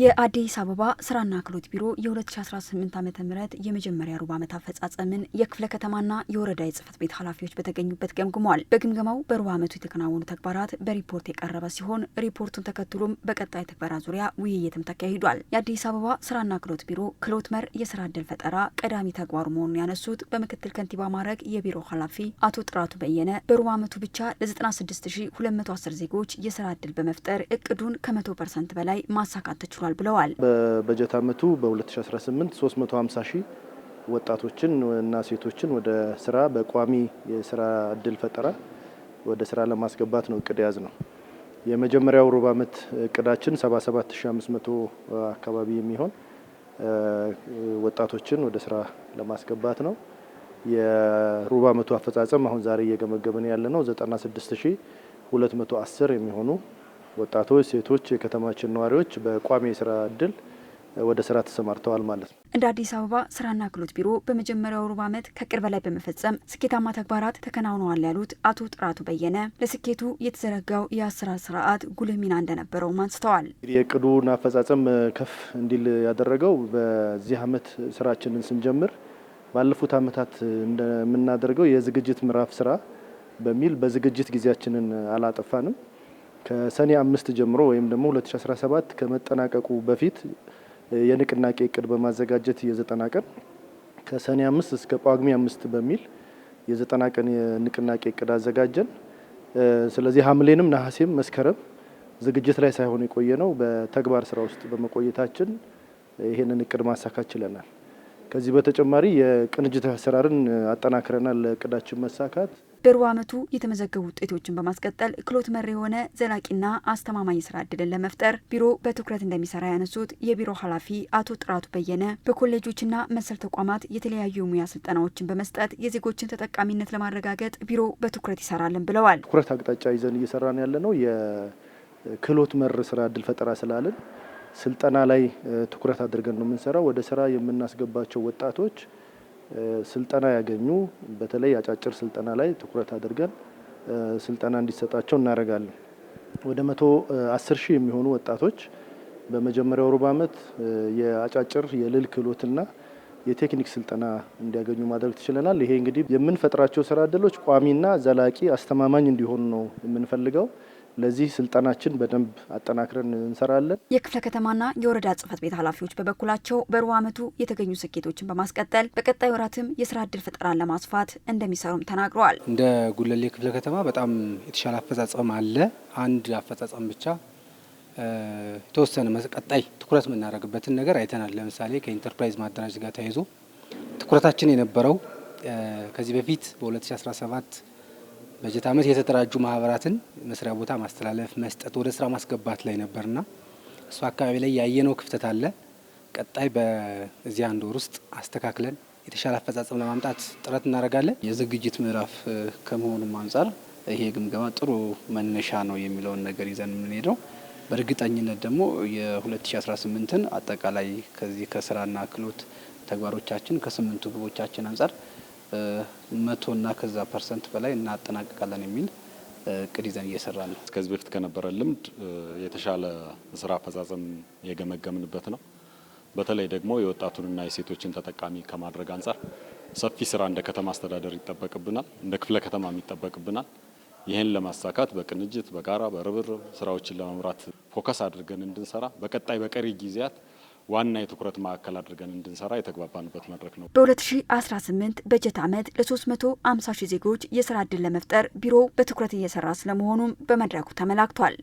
የአዲስ አበባ ስራና ክህሎት ቢሮ የ2018 ዓ ም የመጀመሪያ ሩብ ዓመት አፈጻጸምን የክፍለ ከተማና የወረዳ የጽህፈት ቤት ኃላፊዎች በተገኙበት ገምግሟል። በግምገማው በሩብ ዓመቱ የተከናወኑ ተግባራት በሪፖርት የቀረበ ሲሆን ሪፖርቱን ተከትሎም በቀጣይ ተግባራት ዙሪያ ውይይትም ተካሂዷል። የአዲስ አበባ ስራና ክህሎት ቢሮ ክህሎት መር የስራ ድል ፈጠራ ቀዳሚ ተግባሩ መሆኑን ያነሱት በምክትል ከንቲባ ማዕረግ የቢሮ ኃላፊ አቶ ጥራቱ በየነ በሩብ ዓመቱ ብቻ ለ96210 ዜጎች የስራ ድል በመፍጠር እቅዱን ከ ፐርሰንት በላይ ማሳካት ተችሏል ተሰርቷል ብለዋል። በበጀት ዓመቱ በ2018 350 ሺህ ወጣቶችን እና ሴቶችን ወደ ስራ በቋሚ የስራ እድል ፈጠራ ወደ ስራ ለማስገባት ነው እቅድ የያዝ ነው። የመጀመሪያው ሩብ ዓመት እቅዳችን 77500 አካባቢ የሚሆን ወጣቶችን ወደ ስራ ለማስገባት ነው። የሩብ ዓመቱ አፈጻጸም አሁን ዛሬ እየገመገምን ያለ ነው 96210 የሚሆኑ ወጣቶች፣ ሴቶች፣ የከተማችን ነዋሪዎች በቋሚ የስራ እድል ወደ ስራ ተሰማርተዋል ማለት ነው። እንደ አዲስ አበባ ስራና ክህሎት ቢሮ በመጀመሪያው ሩብ ዓመት ከቅር በላይ በመፈጸም ስኬታማ ተግባራት ተከናውነዋል ያሉት አቶ ጥራቱ በየነ ለስኬቱ የተዘረጋው የአሰራር ስርዓት ጉልህ ሚና እንደነበረውም አንስተዋል። የእቅዱን አፈጻጸም ከፍ እንዲል ያደረገው በዚህ ዓመት ስራችንን ስንጀምር ባለፉት ዓመታት እንደምናደርገው የዝግጅት ምዕራፍ ስራ በሚል በዝግጅት ጊዜያችንን አላጠፋንም። ከሰኔ አምስት ጀምሮ ወይም ደግሞ 2017 ከመጠናቀቁ በፊት የንቅናቄ እቅድ በማዘጋጀት የዘጠና ቀን ከሰኔ አምስት እስከ ጳጉሜ አምስት በሚል የዘጠና ቀን የንቅናቄ እቅድ አዘጋጀን። ስለዚህ ሐምሌንም ነሐሴም መስከረም ዝግጅት ላይ ሳይሆን የቆየ ነው። በተግባር ስራ ውስጥ በመቆየታችን ይህንን እቅድ ማሳካት ችለናል። ከዚህ በተጨማሪ የቅንጅት አሰራርን አጠናክረናል። ለእቅዳችን መሳካት በሩብ ዓመቱ የተመዘገቡ ውጤቶችን በማስቀጠል ክሎት መር የሆነ ዘላቂና አስተማማኝ ስራ እድልን ለመፍጠር ቢሮ በትኩረት እንደሚሰራ ያነሱት የቢሮ ኃላፊ አቶ ጥራቱ በየነ በኮሌጆችና መሰል ተቋማት የተለያዩ የሙያ ስልጠናዎችን በመስጠት የዜጎችን ተጠቃሚነት ለማረጋገጥ ቢሮ በትኩረት ይሰራልን ብለዋል። ትኩረት አቅጣጫ ይዘን እየሰራን ያለ ነው። የክሎት መር ስራ እድል ፈጠራ ስላለን ስልጠና ላይ ትኩረት አድርገን ነው የምንሰራው። ወደ ስራ የምናስገባቸው ወጣቶች ስልጠና ያገኙ፣ በተለይ አጫጭር ስልጠና ላይ ትኩረት አድርገን ስልጠና እንዲሰጣቸው እናደርጋለን። ወደ መቶ አስር ሺህ የሚሆኑ ወጣቶች በመጀመሪያው ሩብ ዓመት የአጫጭር የልል ክህሎትና የቴክኒክ ስልጠና እንዲያገኙ ማድረግ ትችለናል። ይሄ እንግዲህ የምንፈጥራቸው ስራ እድሎች ቋሚና ዘላቂ አስተማማኝ እንዲሆኑ ነው የምንፈልገው። ለዚህ ስልጠናችን በደንብ አጠናክረን እንሰራለን። የክፍለ ከተማና የወረዳ ጽህፈት ቤት ኃላፊዎች በበኩላቸው በሩብ ዓመቱ የተገኙ ስኬቶችን በማስቀጠል በቀጣይ ወራትም የስራ እድል ፈጠራን ለማስፋት እንደሚሰሩም ተናግረዋል። እንደ ጉለሌ ክፍለ ከተማ በጣም የተሻለ አፈጻጸም አለ። አንድ አፈጻጸም ብቻ የተወሰነ መቀጣይ ትኩረት የምናደርግበትን ነገር አይተናል። ለምሳሌ ከኢንተርፕራይዝ ማደራጅ ጋር ተያይዞ ትኩረታችን የነበረው ከዚህ በፊት በ2017 በጀት ዓመት የተደራጁ ማህበራትን መስሪያ ቦታ ማስተላለፍ መስጠት ወደ ስራ ማስገባት ላይ ነበርና እሱ አካባቢ ላይ ያየነው ክፍተት አለ። ቀጣይ በዚህ አንድ ወር ውስጥ አስተካክለን የተሻለ አፈጻጸም ለማምጣት ጥረት እናደርጋለን። የዝግጅት ምዕራፍ ከመሆኑም አንጻር ይሄ ግምገማ ጥሩ መነሻ ነው የሚለውን ነገር ይዘን የምንሄደው በእርግጠኝነት ደግሞ የ2018ን አጠቃላይ ከዚህ ከስራና ክህሎት ተግባሮቻችን ከስምንቱ ግቦቻችን አንጻር መቶ እና ከዛ ፐርሰንት በላይ እናጠናቅቃለን የሚል እቅድ ይዘን እየሰራ ነው። ከዚህ በፊት ከነበረ ልምድ የተሻለ ስራ አፈጻጸም የገመገምንበት ነው። በተለይ ደግሞ የወጣቱንና የሴቶችን ተጠቃሚ ከማድረግ አንጻር ሰፊ ስራ እንደ ከተማ አስተዳደር ይጠበቅብናል፣ እንደ ክፍለ ከተማም ይጠበቅብናል። ይህን ለማሳካት በቅንጅት በጋራ በርብር ስራዎችን ለመምራት ፎከስ አድርገን እንድንሰራ በቀጣይ በቀሪ ጊዜያት ዋና የትኩረት ማዕከል አድርገን እንድንሰራ የተግባባንበት መድረክ ነው። በ2018 በጀት ዓመት ለ350 ሺህ ዜጎች የስራ ዕድል ለመፍጠር ቢሮው በትኩረት እየሰራ ስለመሆኑም በመድረኩ ተመላክቷል።